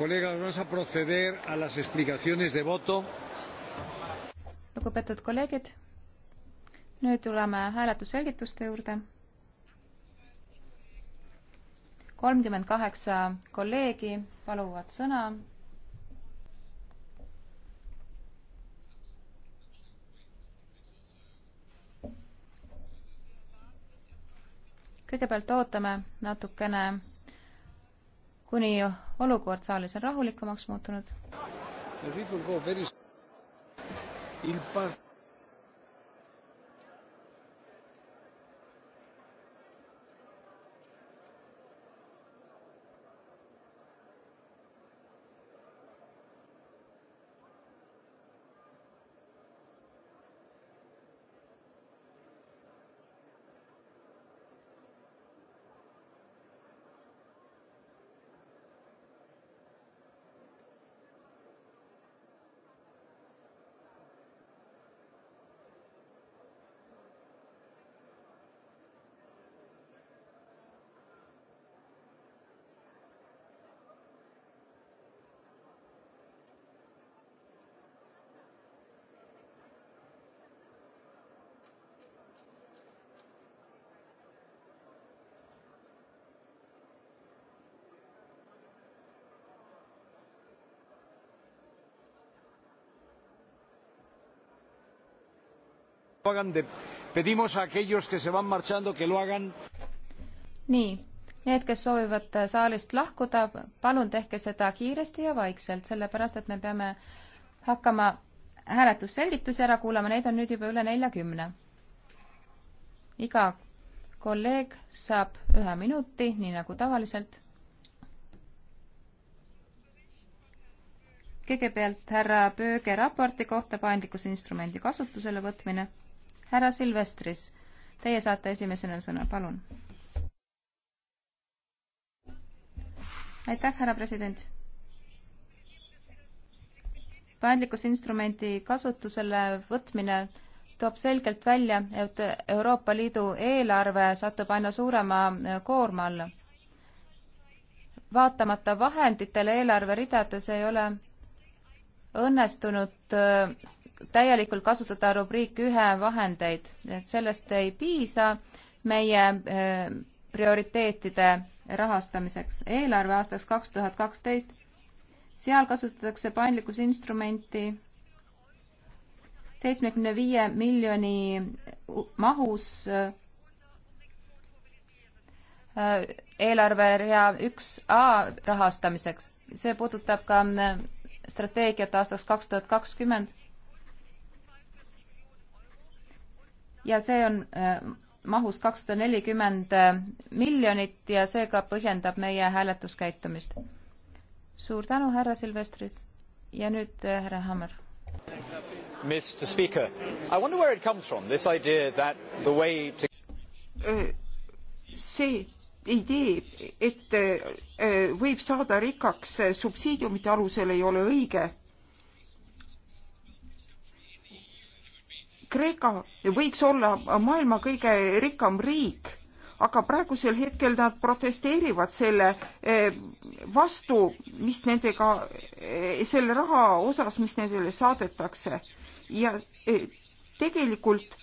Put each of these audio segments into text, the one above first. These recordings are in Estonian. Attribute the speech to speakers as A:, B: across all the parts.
A: Colegas, vamos a proceder a las explicaciones de voto.
B: lugupeetud kolleegid, nüüd tuleme hääletusselgituste juurde. kolmkümmend kaheksa kolleegi paluvad sõna. kõigepealt ootame natukene kuni olukord saalis on rahulikumaks muutunud. nii, need, kes soovivad saalist lahkuda, palun tehke seda kiiresti ja vaikselt, sellepärast et me peame hakkama hääletusselgitusi ära kuulama, neid on nüüd juba üle neljakümne. iga kolleeg saab ühe minuti, nii nagu tavaliselt. kõigepealt härra Pööge raporti kohta paindlikkuse instrumendi kasutusele võtmine härra Silvestris, teie saate esimesena sõna, palun. aitäh, härra president paindlikkusinstrumendi kasutusele võtmine toob selgelt välja, et Euroopa Liidu eelarve satub aina suurema koorma alla. vaatamata vahenditele eelarveridades ei ole õnnestunud täielikult kasutada rubriik ühe vahendeid, et sellest ei piisa meie eh, prioriteetide rahastamiseks. eelarve aastaks kaks tuhat kaksteist, seal kasutatakse paindlikkusinstrumenti seitsmekümne viie miljoni mahus eh, eelarverea üks A rahastamiseks. see puudutab ka eh, strateegiat aastaks kaks tuhat kakskümmend ja see on äh, mahus kakssada nelikümmend äh, miljonit ja see ka põhjendab meie hääletuskäitumist. suur tänu, härra Silvestris. ja nüüd äh, härra Hammer.
A: Mr Speaker, I wonder where it comes from, this idea that the way to
C: see idee, et võib saada rikkaks subsiidiumite alusel, ei ole õige Kreeka võiks olla maailma kõige rikkam riik, aga praegusel hetkel nad protesteerivad selle eh, vastu, mis nendega, eh, selle raha osas, mis nendele saadetakse ja eh, tegelikult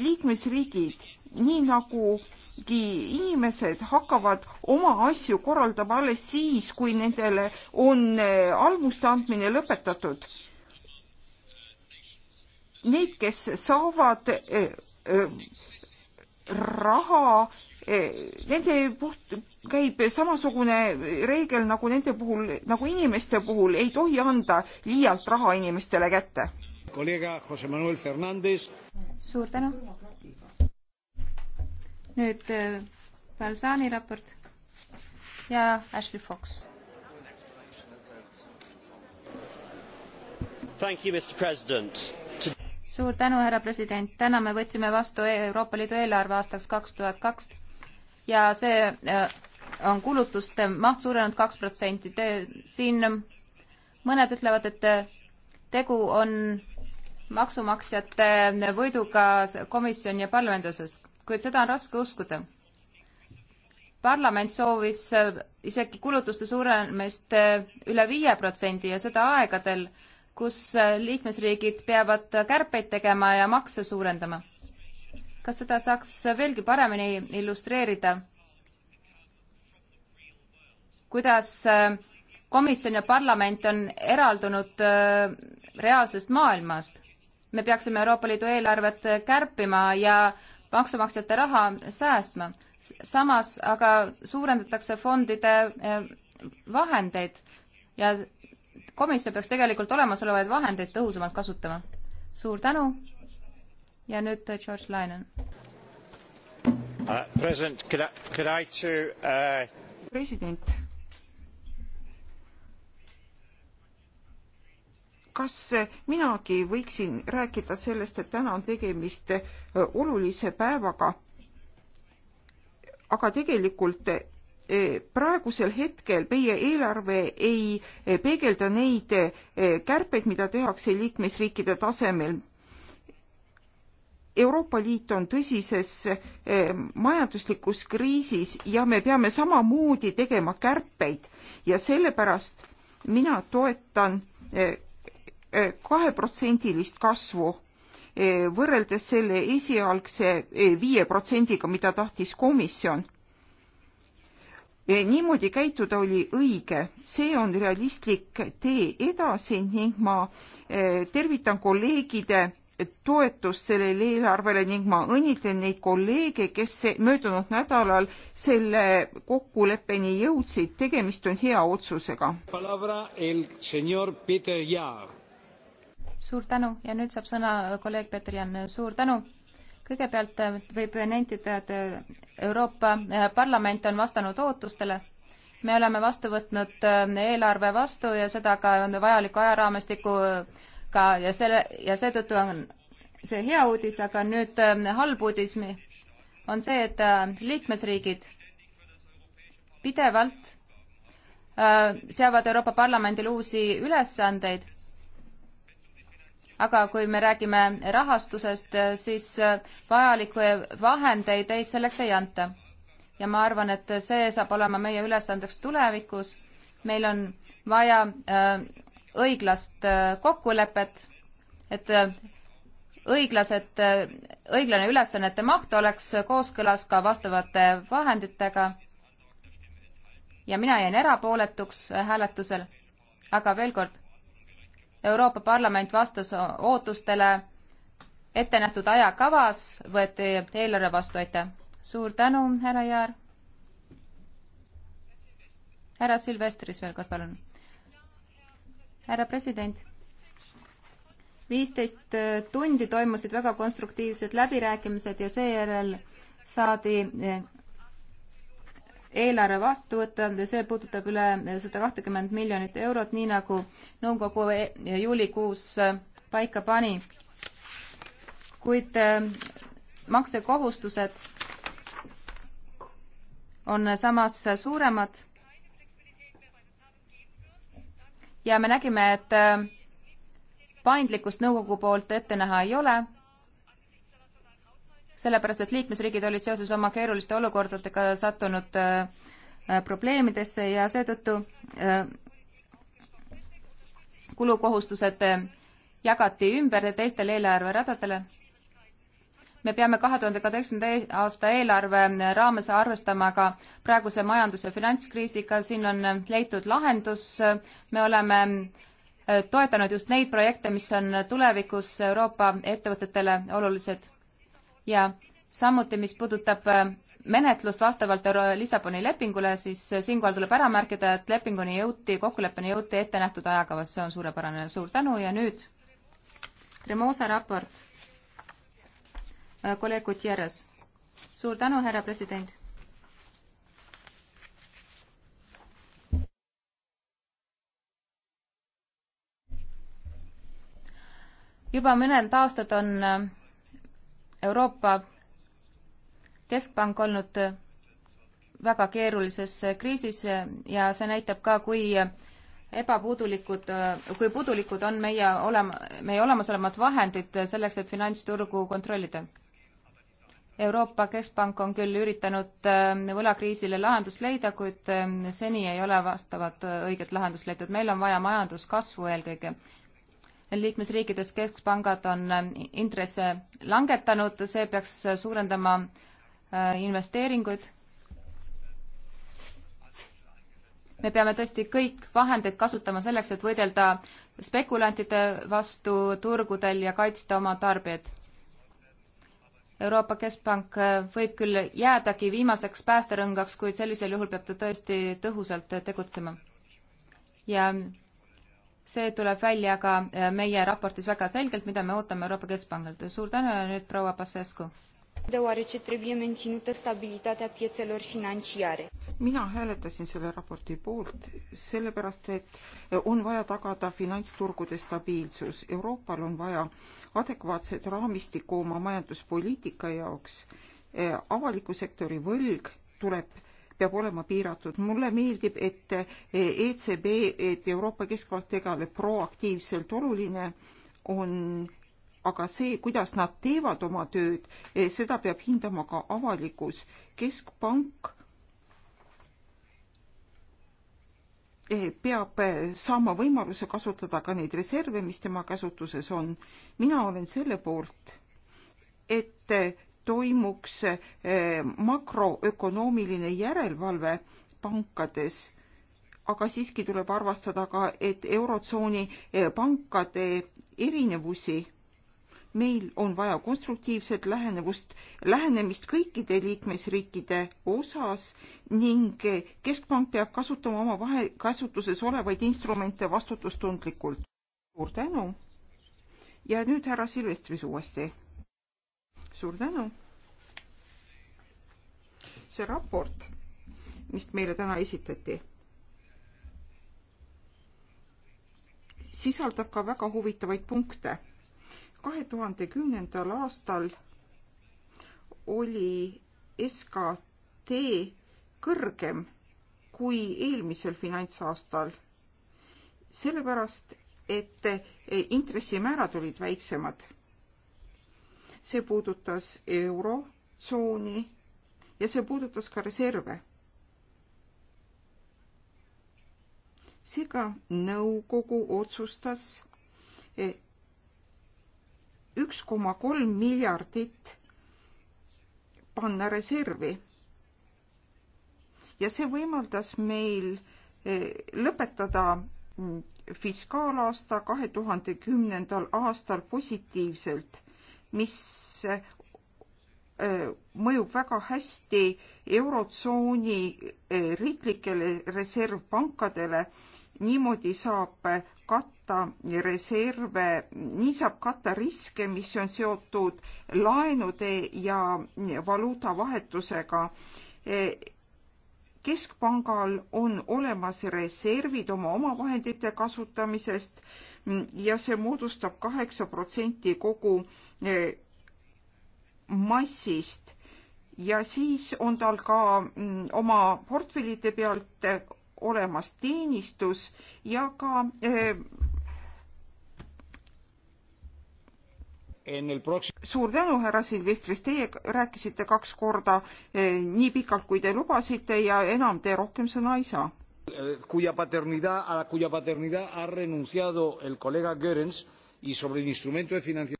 C: liikmesriigid, nii nagu inimesed hakkavad oma asju korraldama alles siis, kui nendele on almuste andmine lõpetatud need, kes saavad eh, eh, raha, eh, nende puht käib samasugune reegel nagu nende puhul, nagu inimeste puhul, ei tohi anda
A: liialt raha inimestele kätte.
B: suur tänu. nüüd Balzani raport ja Ashley Fox.
D: Thank you, Mr President
B: suur tänu, härra president, täna me võtsime vastu e- Euroopa Liidu eelarve aastaks kaks tuhat kaks ja see äh, on kulutuste maht suurenenud kaks protsenti. siin mõned ütlevad, et tegu on maksumaksjate võiduga komisjoni ja parlamendi osas, kuid seda on raske uskuda. parlament soovis äh, isegi kulutuste suurenemist äh, üle viie protsendi ja seda aegadel kus äh, liikmesriigid peavad kärpeid tegema ja makse suurendama. kas seda saaks veelgi paremini illustreerida? kuidas äh, komisjon ja parlament on eraldunud äh, reaalsest maailmast? me peaksime Euroopa Liidu eelarvet kärpima ja maksumaksjate raha säästma. samas aga suurendatakse fondide vahendeid ja komisjon peaks tegelikult olemasolevaid vahendeid tõhusamalt kasutama. suur tänu ja nüüd äh, George Lainen
A: uh,. president, uh... president,
C: kas äh, minagi võiksin rääkida sellest, et täna on tegemist äh, olulise päevaga, aga tegelikult Eh, praegusel hetkel meie eelarve ei eh, peegelda neid eh, kärpeid, mida tehakse liikmesriikide tasemel. Euroopa Liit on tõsises majanduslikus kriisis ja me peame samamoodi tegema kärpeid ja sellepärast mina toetan kaheprotsendilist kasvu võrreldes selle esialgse viie protsendiga, mida tahtis komisjon E, niimoodi käituda oli õige, see on realistlik tee edasi ning ma e, tervitan kolleegide toetust sellele eelarvele ning ma õnnitlen neid kolleege, kes möödunud nädalal selle kokkuleppeni jõudsid. tegemist on hea otsusega.
B: suur tänu ja nüüd saab sõna kolleeg Peeter Jan, suur tänu kõigepealt äh, võib nentida, et äh, Euroopa äh, Parlament on vastanud ootustele. me oleme vastu võtnud eelarve vastu ja seda ka vajaliku ajaraamistikuga ja selle ja seetõttu on see hea uudis, aga nüüd halb uudis on see, et liikmesriigid pidevalt seavad Euroopa Parlamendile uusi ülesandeid aga kui me räägime rahastusest, siis äh, vajalikke vahendeid ei, selleks ei anta. ja ma arvan, et see saab olema meie ülesandeks tulevikus. meil on vaja äh, õiglast äh, kokkulepet, et äh, õiglased, äh, õiglane ülesannete maht oleks kooskõlas ka vastavate vahenditega. ja mina jäin erapooletuks äh, hääletusel. aga veel kord Euroopa Parlament vastas ootustele ettenähtud ajakavas, võeti eelarve vastu, aitäh. suur tänu, härra Jaar. härra Silvestris veel kord, palun. härra president viisteist äh, tundi toimusid väga konstruktiivsed läbirääkimised ja seejärel saadi äh, eelarve vastu võtta, see puudutab üle sada kahtekümmend miljonit eurot, nii nagu nõukogu e- juulikuus äh, paika pani. kuid äh, maksekohustused on samas suuremad. ja me nägime, et äh, paindlikkust nõukogu poolt ette näha ei ole sellepärast et liikmesriigid olid seoses oma keeruliste olukordadega sattunud äh, äh, probleemidesse ja seetõttu äh, kulukohustused jagati ümber teistele eelarveradadele. me peame kahe tuhande kaheksakümnenda e-, aasta eelarve raames arvestama ka praeguse majandus- ja finantskriisiga, siin on leitud lahendus, me oleme toetanud just neid projekte, mis on tulevikus Euroopa ettevõtetele olulised ja samuti, mis puudutab äh, menetlust vastavalt Lissaboni lepingule, siis äh, siinkohal tuleb ära märkida, et lepinguni jõuti, kokkuleppeni jõuti ettenähtud ajakavas, see on suurepärane, suur tänu ja nüüd Tremosa raport, äh, kolleeg Gutierrez. suur tänu, härra president. juba mõned aastad on Euroopa Keskpank olnud väga keerulises kriisis ja see näitab ka, kui ebapuudulikud, kui puudulikud on meie olema, meie olemasolevad vahendid selleks, et finantsturgu kontrollida. Euroopa Keskpank on küll üritanud ähm, võlakriisile lahendust leida, kuid ähm, seni ei ole vastavat äh, õiget lahendust leitud. meil on vaja majanduskasvu eelkõige liikmesriikides keskpangad on äh, intresse langetanud, see peaks suurendama äh, investeeringuid. me peame tõesti kõik vahendeid kasutama selleks, et võidelda spekulantide vastu turgudel ja kaitsta oma tarbijaid. Euroopa Keskpank äh, võib küll jäädagi viimaseks päästerõngaks, kuid sellisel juhul peab ta tõesti tõhusalt tegutsema. ja see tuleb välja ka äh, meie raportis väga selgelt, mida me ootame Euroopa Keskpangalt. suur tänu ja nüüd proua Pasescu. mina
C: hääletasin selle raporti poolt, sellepärast et äh, on vaja tagada finantsturgude stabiilsus. Euroopal on vaja adekvaatset raamistikku oma majanduspoliitika jaoks. Äh, avaliku sektori võlg tuleb peab olema piiratud. mulle meeldib, et ECB, et Euroopa Keskpank tegeleb proaktiivselt, oluline on aga see, kuidas nad teevad oma tööd, e, seda peab hindama ka avalikkus. keskpank e, peab saama võimaluse kasutada ka neid reserve, mis tema käsutuses on. mina olen selle poolt, et toimuks eh, makroökonoomiline järelevalve pankades, aga siiski tuleb arvestada ka, et Eurotsooni eh, pankade erinevusi meil on vaja konstruktiivset lähenevust, lähenemist kõikide liikmesriikide osas ning eh, Keskpank peab kasutama oma vahe, kasutuses olevaid instrumente vastutustundlikult. suur tänu. ja nüüd härra Silvestris uuesti suur tänu. see raport, mis meile täna esitati, sisaldab ka väga huvitavaid punkte. kahe tuhande kümnendal aastal oli SKT kõrgem kui eelmisel finantsaastal, sellepärast et intressimäärad olid väiksemad see puudutas eurotsooni ja see puudutas ka reserve. seega nõukogu otsustas e, üks koma kolm miljardit panna reservi. ja see võimaldas meil e, lõpetada mm, fiskaalaasta kahe tuhande kümnendal aastal positiivselt mis äh, mõjub väga hästi Eurotsooni äh, riiklikele reservpankadele. niimoodi saab äh, katta reserve, nii saab katta riske, mis on seotud laenude ja valuutavahetusega. keskpangal on olemas reservid oma omavahendite kasutamisest mm, ja see moodustab kaheksa protsenti kogu Eh, massist ja siis on tal ka mm, oma portfellide pealt eh, olemas teenistus ja ka eh, suur tänu, härra Silvestris, teie rääkisite kaks korda nii pikalt, kui te lubasite ja enam te rohkem sõna ei saa.
A: Cuya paternidad, a cuya paternidad ha renunciado el colega Goerens y sobre el instrumento de financiación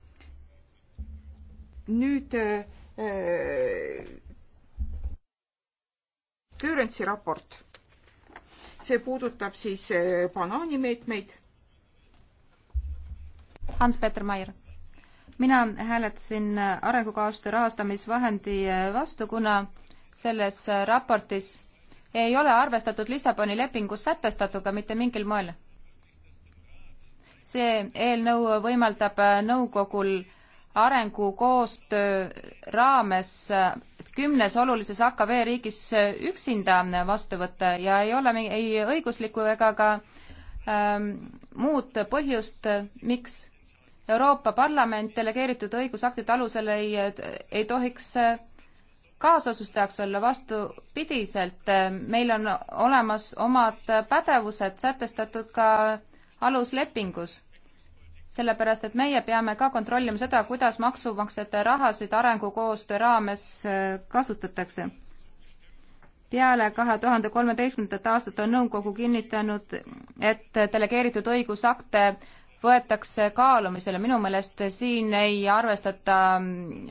C: nüüd Göransi äh, raport. see puudutab siis äh, banaanimeetmeid.
B: Hans-Peter Maier mina hääletasin arengukaoste rahastamisvahendi äh, vastu, kuna selles raportis ei ole arvestatud Lissaboni lepingus sätestatuga mitte mingil moel. see eelnõu võimaldab nõukogul arengukoostöö raames kümnes olulises AKV riigis üksinda vastu võtta ja ei ole ei õiguslikku ega ka ähm, muud põhjust, miks Euroopa Parlament delegeeritud õigusaktide alusel ei, ei tohiks äh, kaasotsustajaks olla, vastupidiselt, äh, meil on olemas omad pädevused sätestatud ka aluslepingus sellepärast et meie peame ka kontrollima seda, kuidas maksumaksjate rahasid arengukoostöö raames äh, kasutatakse. peale kahe tuhande kolmeteistkümnendat aastat on nõukogu kinnitanud, et delegeeritud õigusakte võetakse kaalumisele, minu meelest siin ei arvestata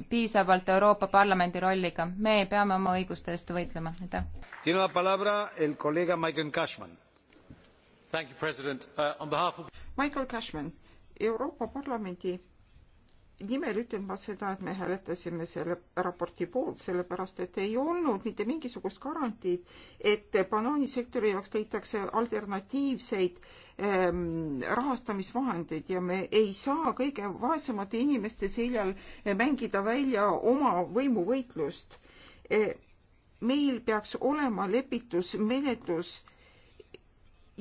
B: piisavalt Euroopa Parlamendi rolliga. me peame oma õiguste eest võitlema, aitäh.
A: Michael Cashman. Uh,
B: Michael Cashman
C: Euroopa Parlamendi nimel ütlen ma seda, et me hääletasime selle raporti poolt, sellepärast et ei olnud mitte mingisugust garantiid, et banaanisektori jaoks leitakse alternatiivseid ähm, rahastamisvahendeid ja me ei saa kõige vaesemate inimeste seljal mängida välja oma võimuvõitlust. E, meil peaks olema lepitusmenetlus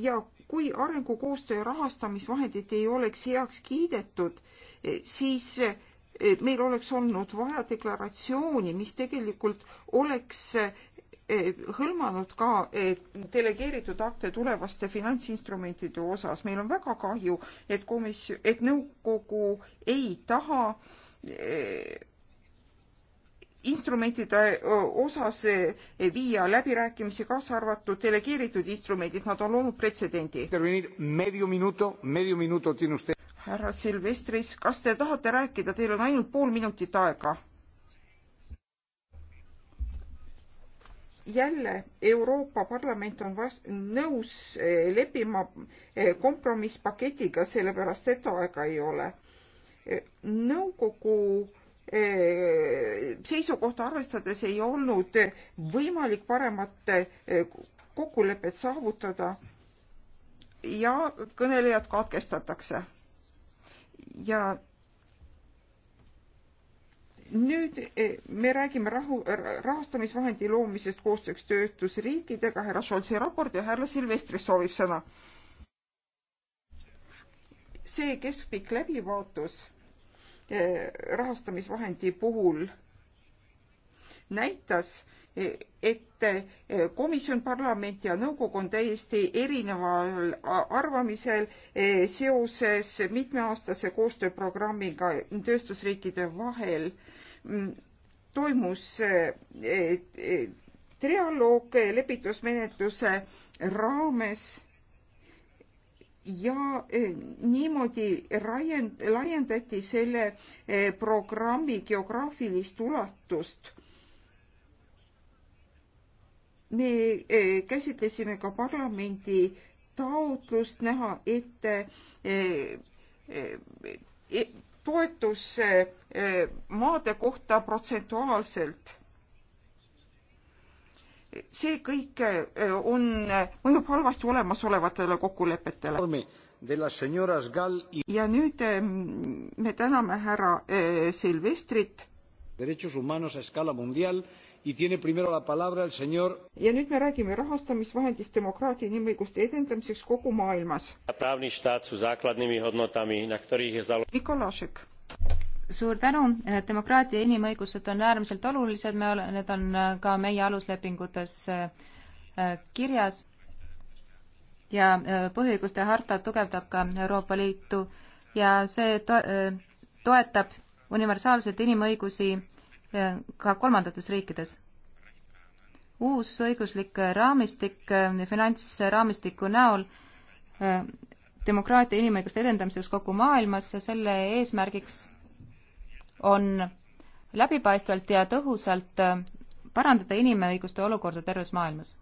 C: ja kui arengukoostöö rahastamisvahendid ei oleks heaks kiidetud, eh, siis eh, meil oleks olnud vaja deklaratsiooni, mis tegelikult oleks eh, hõlmanud ka delegeeritud akte tulevaste finantsinstrumentide osas. meil on väga kahju, et komisjon, et nõukogu ei taha instrumentide osas viia läbirääkimisi, kaasa arvatud delegeeritud instrumendid, nad on loonud pretsedendi. härra Silvestris, kas te tahate rääkida, teil on ainult pool minutit aega. jälle Euroopa Parlament on vast-, nõus leppima kompromisspaketiga, sellepärast et aega ei ole. nõukogu no, Äh, seisukohta arvestades ei olnud võimalik paremat äh, kokkulepet saavutada ja kõnelejad katkestatakse. ja nüüd äh, me räägime rahu, rahastamisvahendi loomisest koostööks tööstusriikidega, härra Scholzi raport ja härra Silvestris soovib sõna. see keskpikk läbivaatus Eh, rahastamisvahendi puhul näitas, et eh, komisjon, parlament ja nõukogu on täiesti erineval arvamisel eh, seoses mitmeaastase koostööprogrammiga tööstusriikide vahel. Mm, toimus trialoog lepitusmenetluse raames ja eh, niimoodi raiend-, laiendati selle eh, programmi geograafilist ulatust. me eh, käsitlesime ka parlamendi taotlust näha ette toetus maade kohta protsentuaalselt see kõik eh, on, eh, mõjub halvasti olemasolevatele kokkulepetele. ja nüüd eh, me täname härra
A: Silvestrit. ja nüüd me räägime rahastamisvahendist
C: demokraatia inimõiguste edendamiseks kogu maailmas. Nikolašek
B: suur tänu, demokraatia ja inimõigused on äärmiselt olulised, me ole-, need on äh, ka meie aluslepingutes äh, kirjas ja äh, põhiõiguste harta tugevdab ka Euroopa Liitu ja see to-, toetab universaalselt inimõigusi ka kolmandates riikides. uus õiguslik raamistik finantsraamistiku näol demokraatia ja inimõiguste edendamiseks kogu maailmas ja selle eesmärgiks on läbipaistvalt ja tõhusalt äh, parandada inimõiguste olukorda terves maailmas.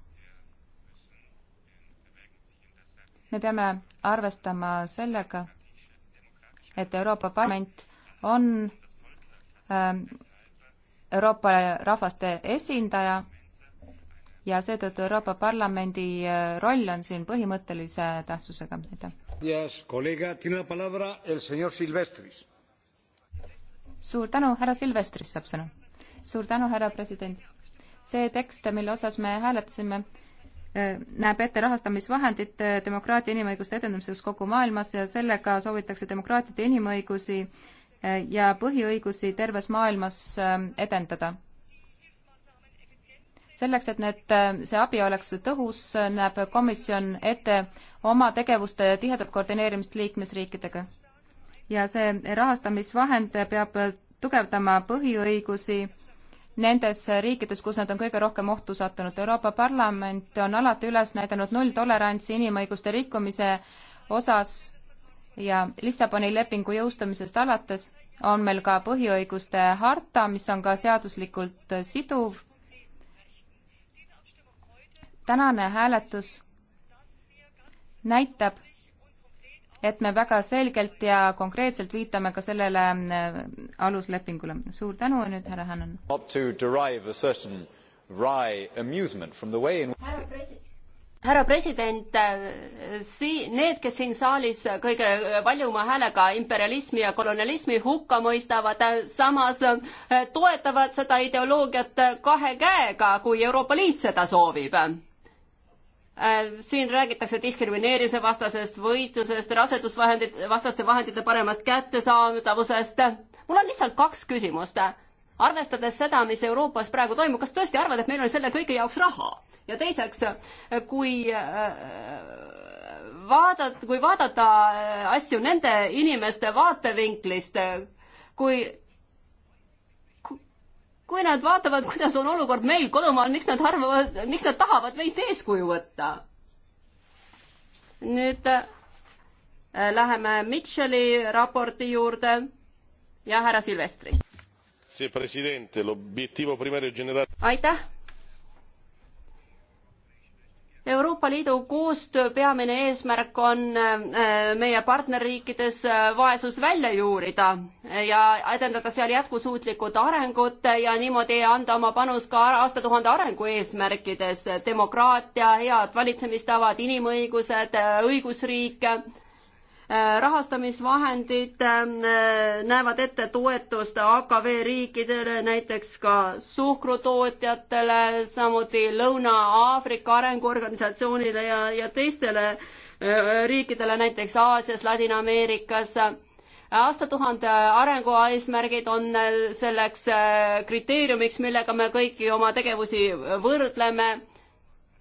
B: me peame arvestama sellega, et Euroopa Parlament on ähm, Euroopa rahvaste esindaja ja seetõttu Euroopa Parlamendi äh, roll on siin põhimõttelise tähtsusega. aitäh suur tänu, härra Silvestris saab sõna. suur tänu, härra president. see tekst, mille osas me hääletasime, eh, näeb ette rahastamisvahendid eh, demokraatia inimõiguste edendamiseks kogu maailmas ja sellega soovitakse demokraatiat ja inimõigusi eh, ja põhiõigusi terves maailmas edendada. selleks, et need, see abi oleks tõhus, näeb komisjon ette oma tegevuste tihedat koordineerimist liikmesriikidega ja see rahastamisvahend peab tugevdama põhiõigusi nendes riikides, kus nad on kõige rohkem ohtu sattunud. Euroopa Parlament on alati üles näidanud nulltolerantsi inimõiguste rikkumise osas ja Lissaboni lepingu jõustumisest alates on meil ka põhiõiguste harta, mis on ka seaduslikult siduv. tänane hääletus näitab, et me väga selgelt ja konkreetselt viitame ka sellele äh, aluslepingule. suur tänu ja nüüd härra Hannan.
A: härra
D: president härra äh, president, sii-, need, kes siin saalis kõige valjuma häälega imperialismi ja kolonialismi hukka mõistavad, äh, samas toetavad seda ideoloogiat kahe käega, kui Euroopa Liit seda soovib Äh, siin räägitakse diskrimineerimise vastasest võitlusest, rasedusvahendite, vastaste vahendite paremast kättesaadavusest. mul on lihtsalt kaks küsimust. arvestades seda, mis Euroopas praegu toimub, kas tõesti arvad, et meil on selle kõige jaoks raha? ja teiseks, kui äh, vaadat-, kui vaadata äh, asju nende inimeste vaatevinklist, kui kui nad vaatavad, kuidas on olukord meil kodumaal, miks nad arvavad, miks nad tahavad meist eeskuju võtta? nüüd äh, läheme Mitchell'i raporti juurde ja härra Silvestris. aitäh Euroopa Liidu koostöö peamine eesmärk on äh, meie partnerriikides äh, vaesus välja juurida ja edendada seal jätkusuutlikud arengut ja niimoodi anda oma panus ka aastatuhande arengu eesmärkides, demokraatia, head valitsemistavad, inimõigused, äh, õigusriik Äh, rahastamisvahendid ähm, äh, näevad ette toetust AKV riikidele, näiteks ka suhkrutootjatele, samuti Lõuna-Aafrika Arenguorganisatsioonile ja, ja teistele äh, riikidele, näiteks Aasias, Ladina-Ameerikas. aastatuhande arengueesmärgid on selleks kriteeriumiks, millega me kõiki oma tegevusi võrdleme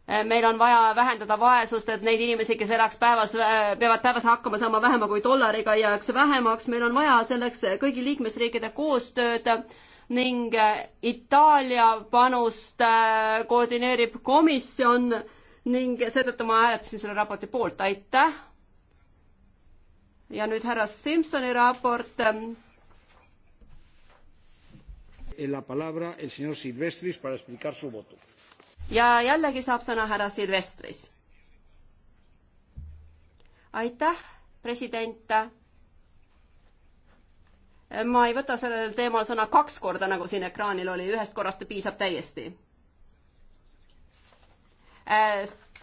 D: Äh, meil on vaja vähendada vaesust, et neid inimesi, kes elaks päevas, äh, peavad päevas hakkama saama vähema kui dollariga, jääks vähemaks, meil on vaja selleks kõigi liikmesriikide koostööd ning äh, Itaalia panust koordineerib komisjon ning seetõttu ma hääletasin selle raporti poolt, aitäh. ja nüüd härra Simsoni raport.
A: La palabra el señor Silvestris para explicar su voto
D: ja jällegi saab sõna härra Silvestris. aitäh, president. ma ei võta sellel teemal sõna kaks korda, nagu siin ekraanil oli, ühest korrast piisab täiesti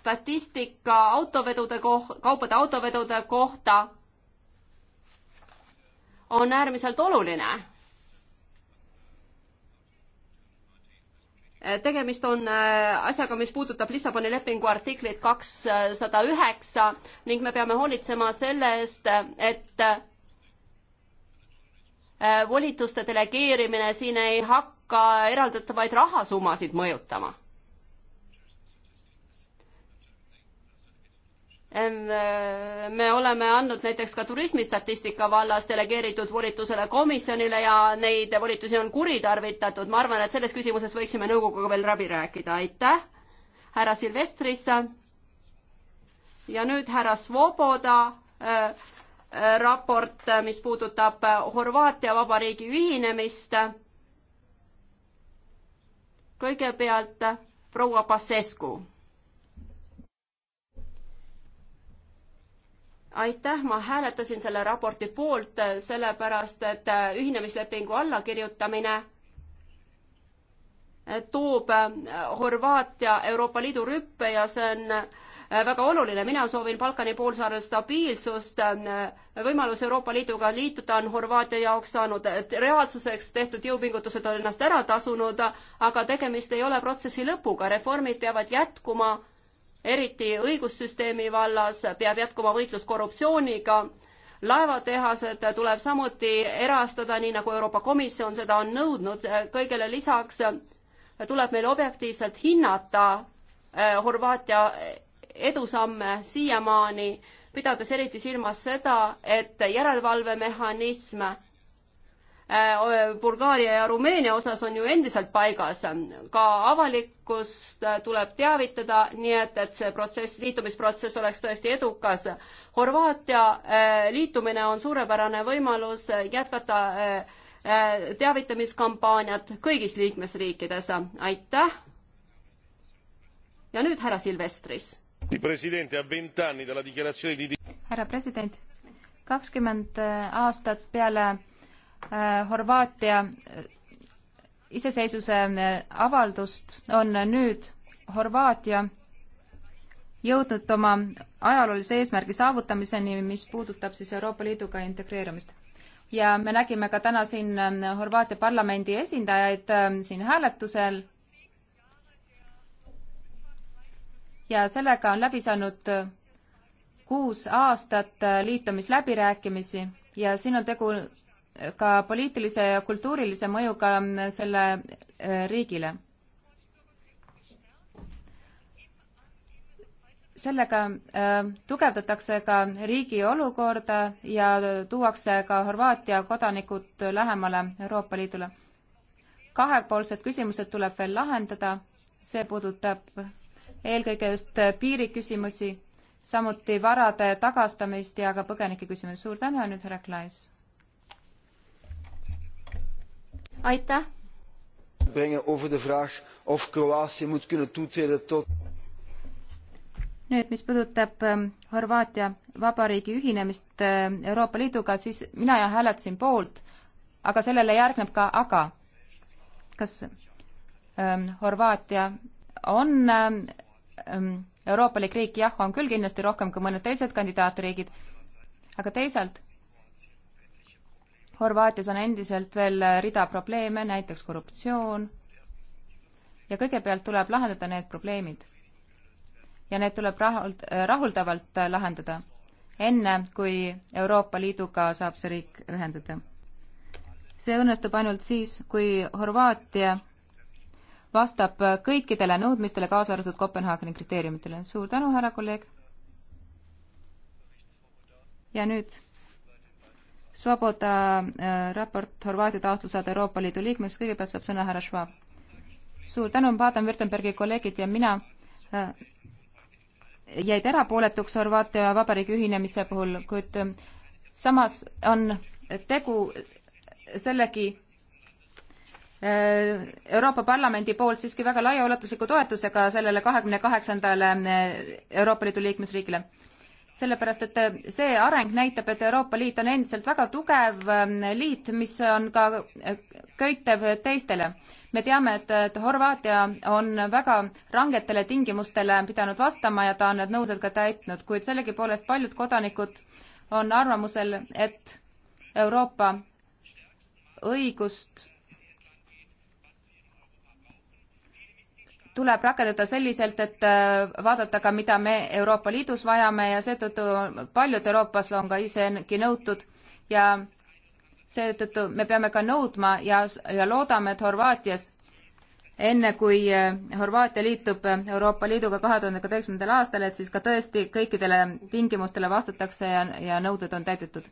D: statistika autovedude koh-, kaupade autovedude kohta on äärmiselt oluline tegemist on äh, asjaga, mis puudutab Lissaboni lepingu artiklit kakssada üheksa ning me peame hoolitsema selle eest, et äh, volituste delegeerimine siin ei hakka eraldatavaid rahasummasid mõjutama Eh, me oleme andnud näiteks ka turismistatistika vallas delegeeritud volitusele komisjonile ja neid volitusi on kuritarvitatud. ma arvan, et selles küsimuses võiksime nõukoguga veel läbi rääkida. aitäh, härra Silvestris. ja nüüd härra Svoboda äh, raport, mis puudutab Horvaatia Vabariigi ühinemist. kõigepealt proua Pasescu aitäh, ma hääletasin selle raporti poolt, eh, sellepärast et eh, ühinemislepingu allakirjutamine eh, toob Horvaatia Euroopa Liidu rüppe ja see on väga oluline, mina soovin Balkani poolsaarel stabiilsust, võimalus Euroopa Liiduga liituda on Horvaatia jaoks saanud reaalsuseks, tehtud jõupingutused on ennast ära tasunud, aga tegemist ei ole protsessi lõpuga, reformid peavad jätkuma eriti õigussüsteemi vallas, peab jätkuma võitlus korruptsiooniga, laevatehased tuleb samuti erastada, nii nagu Euroopa Komisjon seda on nõudnud, kõigele lisaks tuleb meil objektiivselt hinnata eh, Horvaatia edusamme siiamaani, pidades eriti silmas seda, et järelevalvemehhanism Äh, Bulgaaria ja Rumeenia osas on ju endiselt paigas. ka avalikkust äh, tuleb teavitada, nii et, et see protsess, liitumisprotsess oleks tõesti edukas. Horvaatia äh, liitumine on suurepärane võimalus jätkata teavitamiskampaaniat kõigis liikmesriikides. aitäh! ja nüüd härra Silvestris. härra president, kakskümmend
B: aastat peale Äh, Horvaatia äh, iseseisvuse äh, avaldust on nüüd Horvaatia jõudnud oma ajaloolise eesmärgi saavutamiseni, mis puudutab siis Euroopa Liiduga integreerumist. ja me nägime ka täna siin Horvaatia parlamendi esindajaid siin hääletusel. ja sellega on läbi saanud kuus aastat liitumisläbirääkimisi ja siin on tegu ka poliitilise ja kultuurilise mõjuga selle äh, riigile. sellega äh, tugevdatakse ka riigi olukorda ja tuuakse ka Horvaatia kodanikud lähemale Euroopa Liidule. kahepoolsed küsimused tuleb veel lahendada, see puudutab eelkõige just piiriküsimusi, samuti varade tagastamist ja ka põgenike küsimusi. suur tänu ja nüüd härra Klaas
D: aitäh!
A: brengen over de vraag of Kroatië moet kunnen toetreden tot
B: nüüd, mis puudutab ähm, Horvaatia Vabariigi ühinemist ähm, Euroopa Liiduga, siis mina ja hääletasin poolt, aga sellele järgneb ka aga. kas ähm, Horvaatia on ähm, ähm, Euroopa Liidu riik, jah, on küll kindlasti rohkem kui mõned teised kandidaatriigid, aga teisalt Horvaatias on endiselt veel rida probleeme, näiteks korruptsioon ja kõigepealt tuleb lahendada need probleemid. ja need tuleb rahuld, rahuldavalt lahendada, enne kui Euroopa Liiduga saab see riik ühendada. see õnnestub ainult siis, kui Horvaatia vastab kõikidele nõudmistele, kaasa arvatud Kopenhaageni kriteeriumitele. suur tänu, härra kolleeg! ja nüüd Svoboda äh, raport Horvaatia taotlus saada Euroopa Liidu liikmeks, kõigepealt saab sõna härra Schwab. suur tänu, Baden-Württembergi kolleegid ja mina äh, jäid erapooletuks Horvaatia vabariigi ühinemise puhul, kuid äh, samas on tegu sellegi äh, Euroopa Parlamendi poolt siiski väga laiaulatusliku toetusega sellele kahekümne kaheksandale äh, Euroopa Liidu liikmesriigile sellepärast, et äh, see areng näitab, et Euroopa Liit on endiselt väga tugev ähm, liit, mis on ka äh, köitev teistele. me teame, et, et Horvaatia on väga rangetele tingimustele pidanud vastama ja ta on need nõuded ka täitnud, kuid sellegipoolest paljud kodanikud on arvamusel, et Euroopa õigust tuleb rakendada selliselt, et äh, vaadata ka, mida me Euroopa Liidus vajame ja seetõttu paljud Euroopas on ka isegi nõutud ja seetõttu me peame ka nõudma ja, ja loodame, et Horvaatias enne kui äh, Horvaatia liitub äh, Euroopa Liiduga kahe tuhande kaheteistkümnendal aastal, et siis ka tõesti kõikidele tingimustele vastatakse ja, ja nõuded on täidetud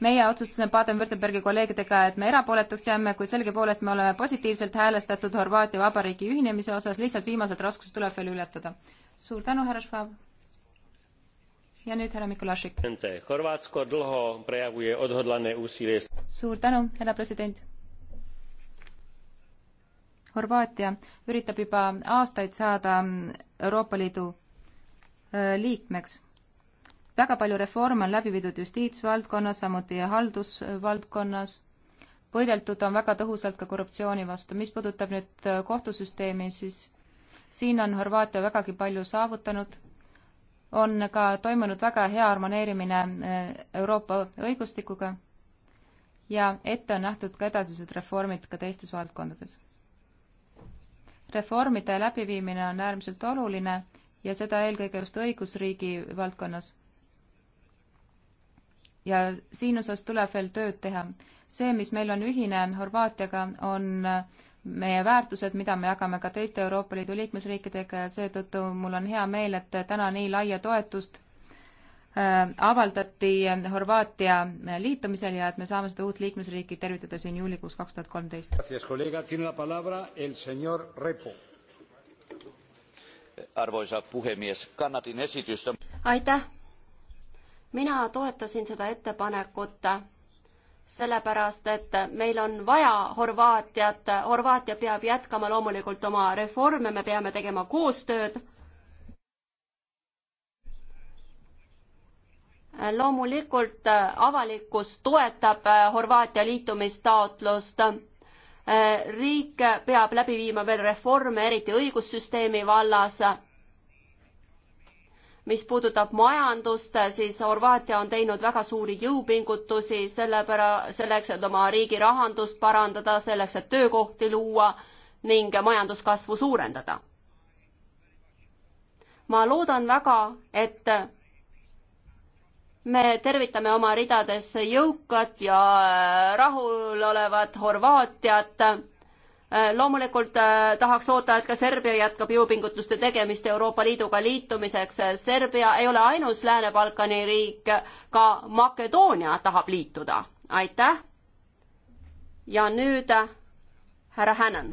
B: meie otsustasime Baden-Württembergi kolleegidega, et me erapooletuks jääme, kuid sellegipoolest me oleme positiivselt häälestatud Horvaatia Vabariigi ühinemise osas, lihtsalt viimased raskused tuleb veel ületada. suur tänu, härra Švab. ja nüüd härra Mikulašik. suur tänu, härra president. Horvaatia üritab juba aastaid saada Euroopa Liidu äh, liikmeks väga palju reforme on läbi viidud justiitsvaldkonnas, samuti haldusvaldkonnas. võideldud on väga tõhusalt ka korruptsiooni vastu. mis puudutab nüüd äh, kohtusüsteemi, siis siin on Horvaatia vägagi palju saavutanud. on ka toimunud väga hea harmoneerimine äh, Euroopa õigustikuga ja ette on nähtud ka edasised reformid ka teistes valdkondades. reformide läbiviimine on äärmiselt oluline ja seda eelkõige just õigusriigi valdkonnas ja siin osas tuleb veel tööd teha. see, mis meil on ühine Horvaatiaga, on meie väärtused, mida me jagame ka teiste Euroopa Liidu liikmesriikidega ja seetõttu mul on hea meel, et täna nii laia toetust äh, avaldati Horvaatia liitumisel ja et me saame seda uut liikmesriiki tervitada siin juulikuus kaks tuhat kolmteist.
A: arvoisa puhemies, kannatin esitystä.
D: aitäh mina toetasin seda ettepanekut sellepärast, et meil on vaja Horvaatiat, Horvaatia peab jätkama loomulikult oma reforme, me peame tegema koostööd. loomulikult avalikkus toetab Horvaatia liitumistaotlust. riik peab läbi viima veel reforme, eriti õigussüsteemi vallas mis puudutab majandust, siis Horvaatia on teinud väga suuri jõupingutusi selle pära-, selleks, et oma riigi rahandust parandada, selleks, et töökohti luua ning majanduskasvu suurendada. ma loodan väga, et me tervitame oma ridades jõukat ja rahulolevat Horvaatiat Äh, loomulikult äh, tahaks loota, et ka Serbia jätkab jõupingutuste tegemist Euroopa Liiduga liitumiseks. Serbia ei ole ainus Lääne-Balkani riik, ka Makedoonia tahab liituda. aitäh. ja nüüd äh, härra Hänen.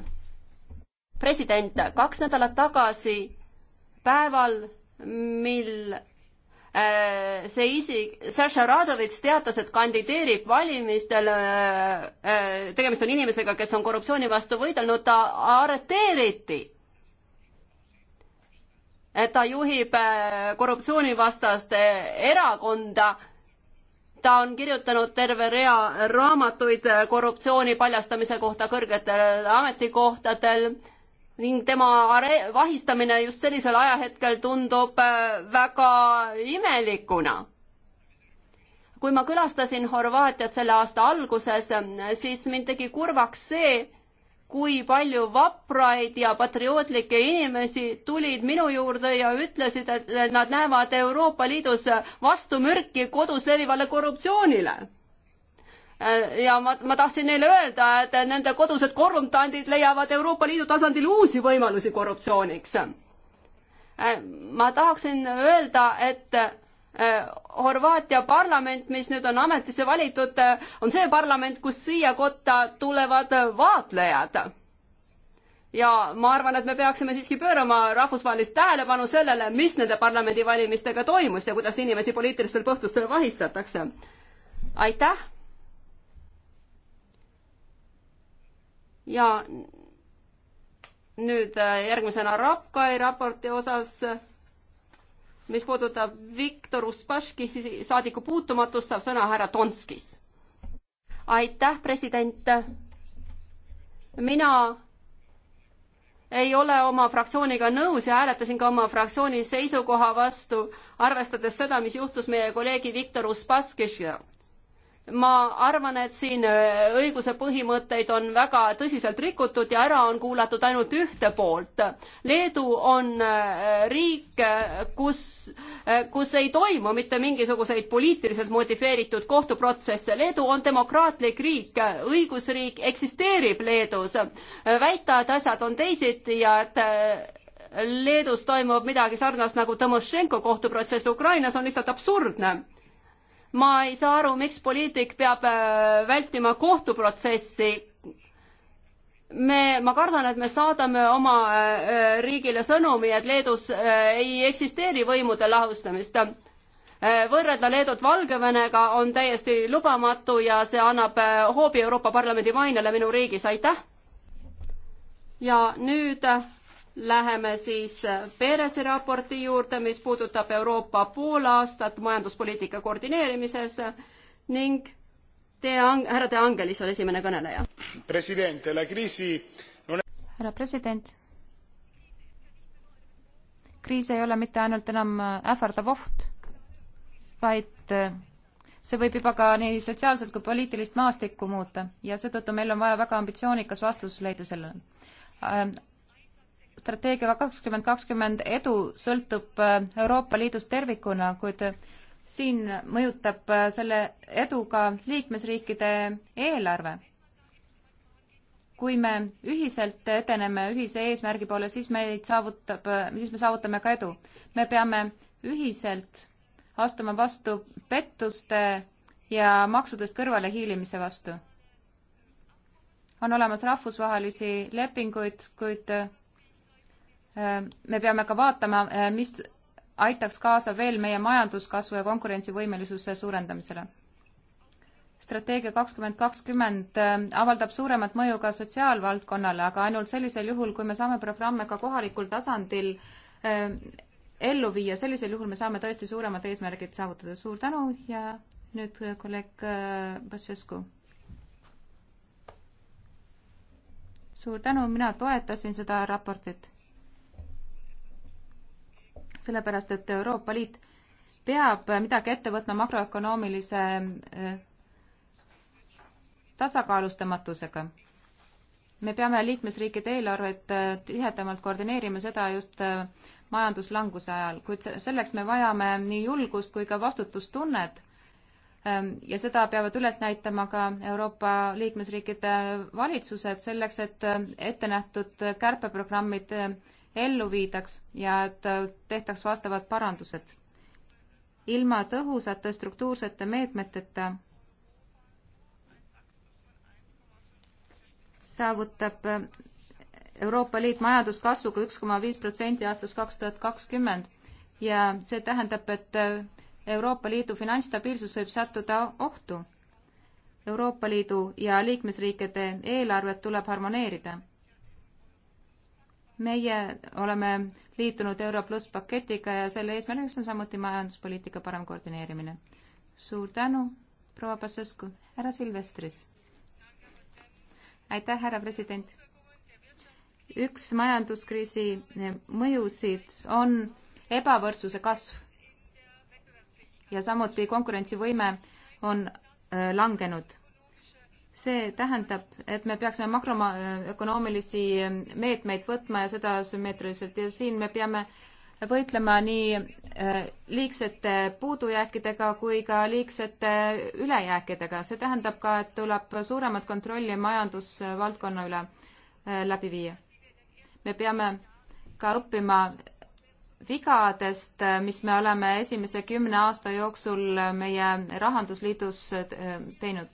D: president, kaks nädalat tagasi päeval, mil Äh, see isik, Saša Radovitš teatas, et kandideerib valimistel, äh, äh, tegemist on inimesega, kes on korruptsiooni vastu võidelnud, ta arreteeriti. ta juhib korruptsioonivastast erakonda, ta on kirjutanud terve rea raamatuid korruptsiooni paljastamise kohta kõrgetel ametikohtadel ning tema are-, vahistamine just sellisel ajahetkel tundub äh, väga imelikuna. kui ma külastasin Horvaatiat selle aasta alguses, siis mind tegi kurvaks see, kui palju vapraid ja patriootlikke inimesi tulid minu juurde ja ütlesid, et nad näevad Euroopa Liidus vastumürki kodus levivale korruptsioonile Äh, ja ma, ma tahtsin neile öelda, et nende kodused korruptandid leiavad Euroopa Liidu tasandil uusi võimalusi korruptsiooniks. Äh, ma tahaksin öelda, et äh, Horvaatia parlament, mis nüüd on ametisse valitud, on see parlament, kus siia kotta tulevad vaatlejad. ja ma arvan, et me peaksime siiski pöörama rahvusvahelist tähelepanu sellele, mis nende parlamendivalimistega toimus ja kuidas inimesi poliitilistel põhjustel vahistatakse. aitäh ja nüüd äh, järgmisena Rapkai raporti osas, mis puudutab Viktor Uspaski saadiku puutumatust, saab sõna härra Tonskis. aitäh, president. mina ei ole oma fraktsiooniga nõus ja hääletasin ka oma fraktsiooni seisukoha vastu, arvestades seda, mis juhtus meie kolleegi Viktor Uspaskisega ma arvan, et siin äh, õiguse põhimõtteid on väga tõsiselt rikutud ja ära on kuulatud ainult ühte poolt. Leedu on äh, riik, äh, kus, kus ei toimu mitte mingisuguseid poliitiliselt modifeeritud kohtuprotsesse. Leedu on demokraatlik riik, õigusriik eksisteerib Leedus. väita, et asjad on teisiti ja et Leedus toimub midagi sarnast nagu Tomošenko kohtuprotsess Ukrainas on lihtsalt absurdne ma ei saa aru, miks poliitik peab äh, vältima kohtuprotsessi. me, ma kardan, et me saadame oma äh, äh, riigile sõnumi, et Leedus ei eksisteeri võimude lahustamist. võrrelda Leedut Valgevenega on täiesti lubamatu ja see annab hoobi Euroopa Parlamendi mainele minu riigis, aitäh! ja nüüd Läheme siis Peresi raporti juurde, mis puudutab Euroopa poolaastat majanduspoliitika koordineerimises ning Te Ang-, härra De Angelis on esimene kõneleja.
A: president, la kriisi
B: härra president, kriis ei ole mitte ainult enam äh, ähvardav oht, vaid äh, see võib juba ka nii sotsiaalselt kui poliitilist maastikku muuta ja seetõttu meil on vaja väga ambitsioonikas vastus leida sellele äh, strateegiaga kakskümmend kakskümmend edu sõltub äh, Euroopa Liidust tervikuna, kuid äh, siin mõjutab äh, selle edu ka liikmesriikide eelarve. kui me ühiselt edeneme ühise eesmärgi poole, siis meid saavutab, siis me saavutame ka edu. me peame ühiselt astuma vastu pettuste ja maksudest kõrvalehiilimise vastu. on olemas rahvusvahelisi lepinguid, kuid Äh, me peame ka vaatama, äh, mis aitaks kaasa veel meie majanduskasvu ja konkurentsivõimelisuse suurendamisele. strateegia kakskümmend kakskümmend äh, avaldab suuremat mõju ka sotsiaalvaldkonnale, aga ainult sellisel juhul, kui me saame programme ka kohalikul tasandil ellu viia, sellisel juhul me saame tõesti suuremad eesmärgid saavutada. suur tänu ja nüüd kolleeg Basescu. suur tänu, mina toetasin seda raportit sellepärast et Euroopa Liit peab midagi ette võtma makroökonoomilise eh, tasakaalustamatusega. me peame liikmesriikide eelarveid eh, tihedamalt koordineerima, seda just eh, majanduslanguse ajal, kuid selleks me vajame nii julgust kui ka vastutustunnet ehm, ja seda peavad üles näitama ka Euroopa liikmesriikide valitsused selleks, et ettenähtud kärpeprogrammid ellu viidaks ja et äh, tehtaks vastavad parandused. ilma tõhusate struktuursete meetmeteta saavutab äh, Euroopa Liit majanduskasvuga üks koma viis protsenti aastast kaks tuhat kakskümmend ja see tähendab, et äh, Euroopa Liidu finantsstabiilsus võib sattuda ohtu. Euroopa Liidu ja liikmesriikide eelarved tuleb harmoneerida meie oleme liitunud Euro pluss paketiga ja selle eesmärgiks on samuti majanduspoliitika parem koordineerimine. suur tänu, proua Pašescu, härra Silvestris. aitäh, härra president. üks majanduskriisi mõjusid on ebavõrdsuse kasv ja samuti konkurentsivõime on äh, langenud see tähendab, et me peaksime makroökonoomilisi meetmeid võtma ja seda sümmeetriliselt ja siin me peame võitlema nii äh, liigsete puudujääkidega kui ka liigsete ülejääkidega. see tähendab ka, et tuleb suuremat kontrolli majandusvaldkonna üle äh, läbi viia. me peame ka õppima vigadest, äh, mis me oleme esimese kümne aasta jooksul meie Rahandusliidus teinud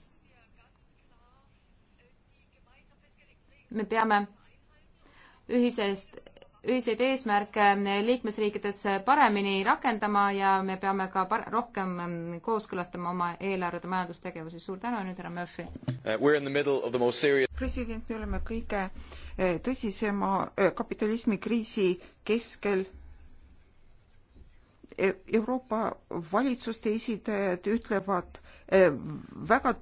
B: me peame ühisest, ühiseid eesmärke liikmesriikides paremini rakendama ja me peame ka par-, rohkem kooskõlastama oma eelarved ja majandustegevusi. suur tänu nüüd, härra Murphy
C: uh,! Serious... president,
B: me oleme kõige uh,
C: tõsisema uh, kapitalismikriisi keskel e, Euroopa valitsuste esindajad ütlevad uh, väga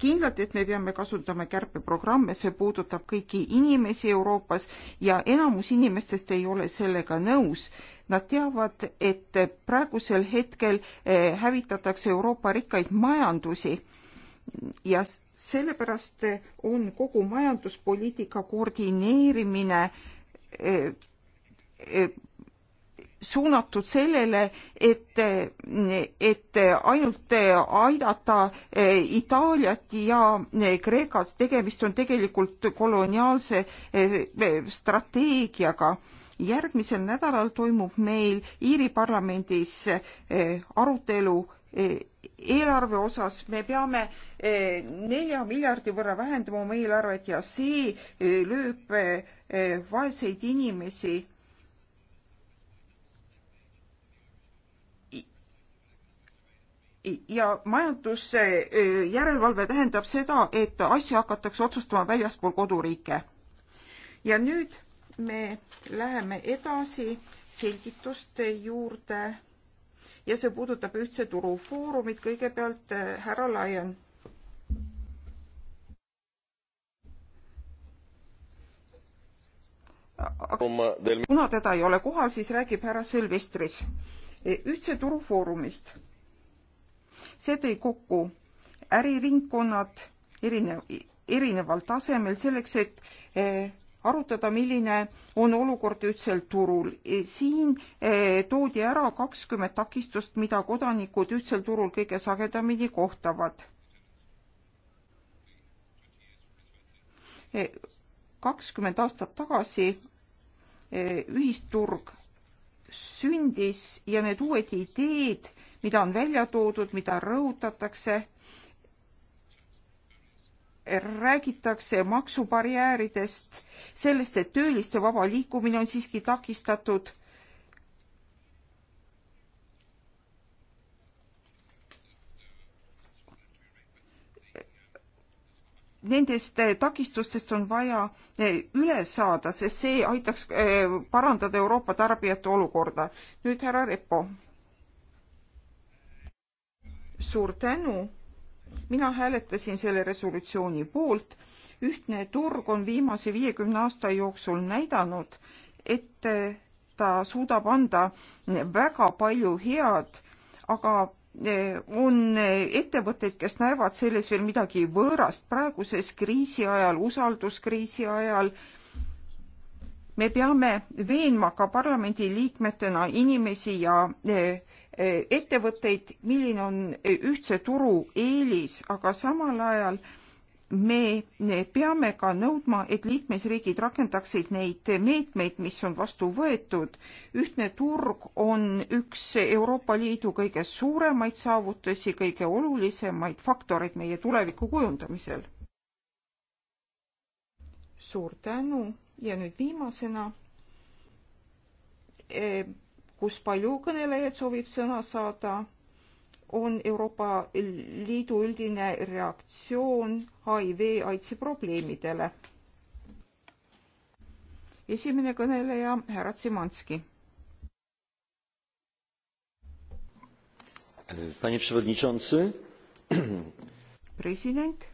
C: kindlalt, et me peame kasutama kärpeprogramme, see puudutab kõiki inimesi Euroopas ja enamus inimestest ei ole sellega nõus. Nad teavad, et praegusel hetkel eh, hävitatakse Euroopa rikkaid majandusi ja sellepärast on kogu majanduspoliitika koordineerimine eh, eh, suunatud sellele, et, et ainult aidata eh, Itaaliat ja eh, Kreekat, tegemist on tegelikult koloniaalse eh, strateegiaga. järgmisel nädalal toimub meil Iiri parlamendis arutelu eelarve osas me peame nelja miljardi võrra vähendama oma eelarvet ja see lööb vaeseid inimesi ja majandusjärelevalve tähendab seda, et asja hakatakse otsustama väljaspool koduriike. ja nüüd me läheme edasi selgituste juurde ja see puudutab ühtse turu foorumit, kõigepealt äh, härra Laian. kuna teda ei ole kohal, siis räägib härra Silvestris ühtse turu foorumist see tõi kokku äriringkonnad erinev, erineval tasemel selleks, et eh, arutada, milline on olukord ühtsel turul. Eh, siin eh, toodi ära kakskümmend takistust, mida kodanikud ühtsel turul kõige sagedamini kohtavad. kakskümmend aastat tagasi ühisturg sündis ja need uued ideed mida on välja toodud, mida rõhutatakse. räägitakse maksubarjääridest, sellest, et tööliste vaba liikumine on siiski takistatud nendest takistustest on vaja eh, üle saada, sest see aitaks eh, parandada Euroopa tarbijate olukorda. nüüd härra Repo suur tänu. mina hääletasin selle resolutsiooni poolt. ühtne turg on viimase viiekümne aasta jooksul näidanud, et ta suudab anda väga palju head, aga e, on ettevõtteid, kes näevad selles veel midagi võõrast praeguses kriisi ajal, usalduskriisi ajal. me peame veenma ka parlamendiliikmetena inimesi ja eh, Eh, ettevõtteid, milline on eh, ühtse turu eelis, aga samal ajal me peame ka nõudma, et liikmesriigid rakendaksid neid meetmeid, mis on vastu võetud. ühtne turg on üks Euroopa Liidu kõige suuremaid saavutusi, kõige olulisemaid faktoreid meie tuleviku kujundamisel. suur tänu ja nüüd viimasena eh, kus palju kõnelejaid soovib sõna saada, on Euroopa Liidu üldine reaktsioon HIV AIDSi probleemidele. esimene kõneleja, härra Tsimanski. president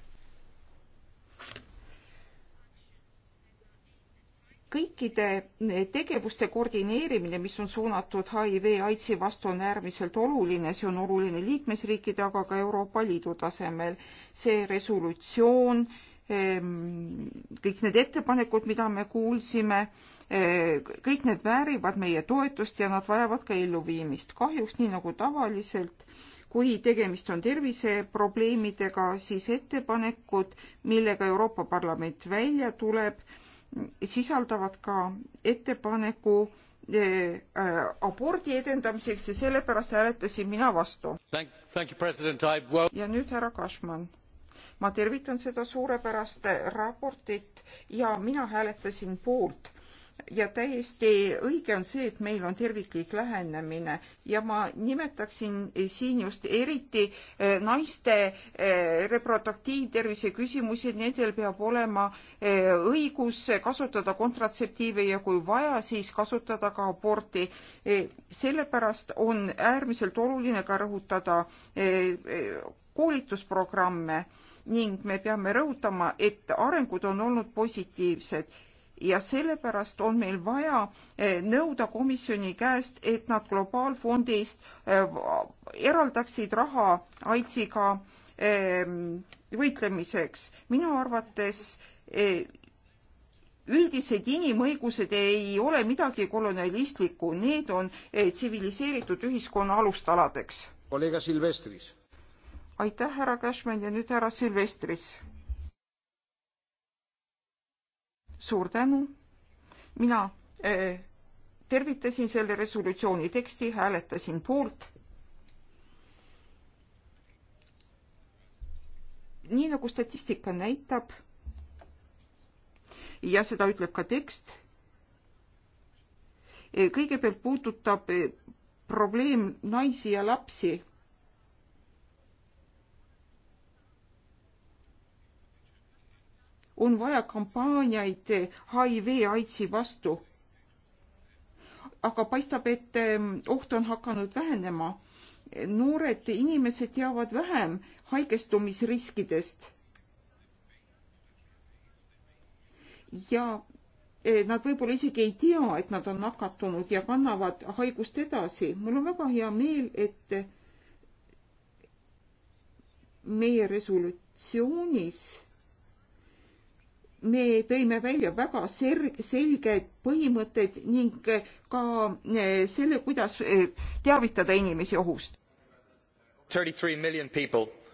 C: kõikide tegevuste koordineerimine, mis on suunatud HIV AIDSi vastu, on äärmiselt oluline, see on oluline liikmesriikide, aga ka Euroopa Liidu tasemel. see resolutsioon, ehm, kõik need ettepanekud, mida me kuulsime, eh, kõik need väärivad meie toetust ja nad vajavad ka elluviimist. kahjuks nii nagu tavaliselt kui tegemist on terviseprobleemidega, siis ettepanekud, millega Euroopa Parlament välja tuleb, sisaldavad ka ettepaneku eh, äh, abordi edendamiseks ja sellepärast hääletasin mina vastu. ja nüüd härra Kašman. ma tervitan seda suurepärast äh, raportit ja mina hääletasin poolt ja täiesti õige on see, et meil on terviklik lähenemine ja ma nimetaksin siin just eriti eh, naiste eh, reproduktiivtervise küsimusi, nendel peab olema eh, õigus kasutada kontratseptiive ja kui vaja, siis kasutada ka aborti. sellepärast on äärmiselt oluline ka rõhutada koolitusprogramme ning me peame rõhutama, et arengud on olnud positiivsed ja sellepärast on meil vaja eh, nõuda komisjoni käest, et nad globaalfondist eh, eraldaksid raha AIDS-iga ehm, võitlemiseks. minu arvates eh, üldised inimõigused ei ole midagi kolonialistlikku, need on tsiviliseeritud ühiskonna alustaladeks. kolleeg Silvestris. aitäh, härra Cashman ja nüüd härra Silvestris suur tänu. mina eh, tervitasin selle resolutsiooni teksti, hääletasin poolt. nii nagu statistika näitab ja seda ütleb ka tekst, eh, kõigepealt puudutab eh, probleem naisi ja lapsi on vaja kampaaniaid HIV aidsi vastu. aga paistab, et ehm, oht on hakanud vähenema. noored inimesed teavad vähem haigestumisriskidest. ja eh, nad võib-olla isegi ei tea, et nad on nakatunud ja kannavad haigust edasi. mul on väga hea meel, et eh, meie resolutsioonis me tõime välja väga ser-, selged põhimõtted ning ka eh, selle, kuidas eh, teavitada inimesi ohust.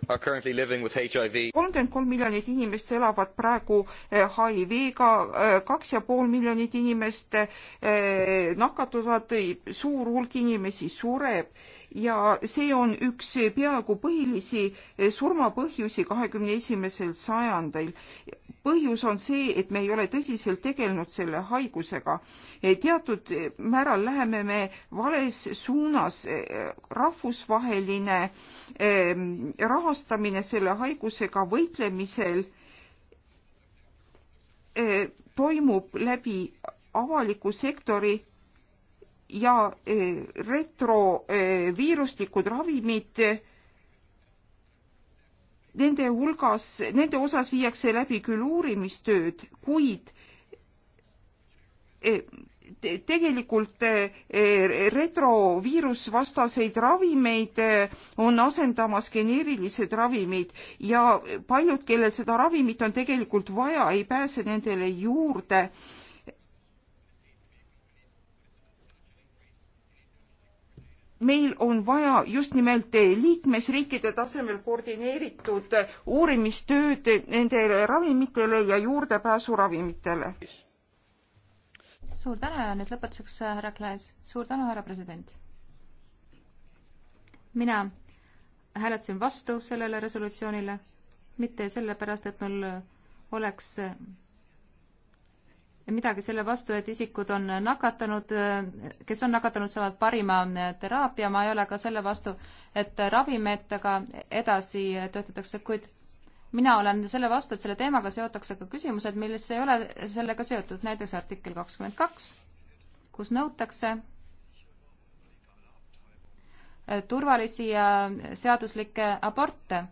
C: kolmkümmend kolm miljonit inimest elavad praegu HIV-ga, eh, kaks ja pool miljonit inimest nakatuvad, suur hulk inimesi sureb ja see on üks peaaegu põhilisi surmapõhjusi kahekümne esimesel sajandil põhjus on see, et me ei ole tõsiselt tegelenud selle haigusega. Eh, teatud määral läheme me vales suunas. Eh, rahvusvaheline eh, rahastamine selle haigusega võitlemisel toimub läbi avaliku sektori ja retroviiruslikud ravimid nende hulgas, nende osas viiakse läbi küll uurimistööd, kuid eh, tegelikult eh, retroviirusvastaseid ravimeid eh, on asendamas geneerilised ravimid ja paljud, kellel seda ravimit on tegelikult vaja, ei pääse nendele juurde meil on vaja just nimelt liikmesriikide tasemel koordineeritud uurimistööd nendele ravimitele ja juurdepääsu ravimitele.
B: suur tänu ja nüüd lõpetuseks härra Klaas. suur tänu, härra president. mina hääletasin vastu sellele resolutsioonile, mitte sellepärast, et mul oleks midagi selle vastu, et isikud on nakatanud, kes on nakatanud, saavad parima teraapia, ma ei ole ka selle vastu, et ravimeetega edasi töötatakse, kuid mina olen selle vastu, et selle teemaga seotakse ka küsimused, milles ei ole sellega seotud, näiteks artikkel kakskümmend kaks, kus nõutakse turvalisi ja seaduslikke aborte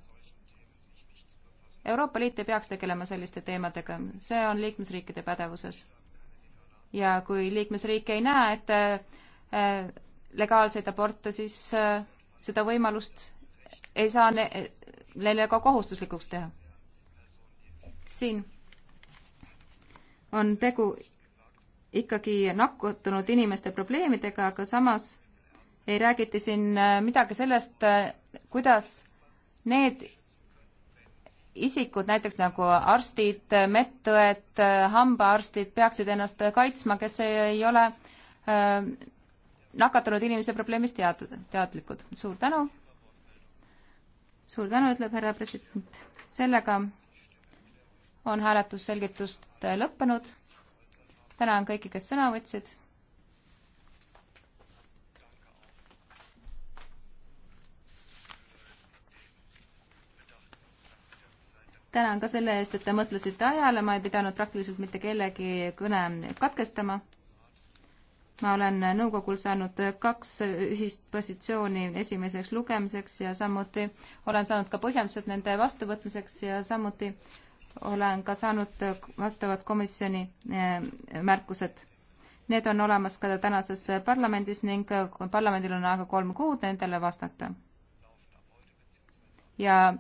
B: Euroopa Liit ei peaks tegelema selliste teemadega, see on liikmesriikide pädevuses. ja kui liikmesriik ei näe ette äh, legaalseid aborte, siis äh, seda võimalust ei saa ne neile ka kohustuslikuks teha. siin on tegu ikkagi nakatunud inimeste probleemidega, aga samas ei räägiti siin äh, midagi sellest, äh, kuidas need isikud, näiteks nagu arstid, medõed, hambaarstid peaksid ennast kaitsma, kes ei ole äh, nakatunud inimese probleemist tead-, teadlikud. suur tänu. suur tänu, ütleb härra president. sellega on hääletusselgitust lõppenud. tänan kõiki, kes sõna võtsid tänan ka selle eest, et te mõtlesite ajale, ma ei pidanud praktiliselt mitte kellegi kõne katkestama. ma olen nõukogul saanud kaks ühist positsiooni esimeseks lugemiseks ja samuti olen saanud ka põhjendused nende vastuvõtmiseks ja samuti olen ka saanud vastavad komisjoni eh, märkused. Need on olemas ka tänases parlamendis ning parlamendil on aega kolm kuud nendele vastata. ja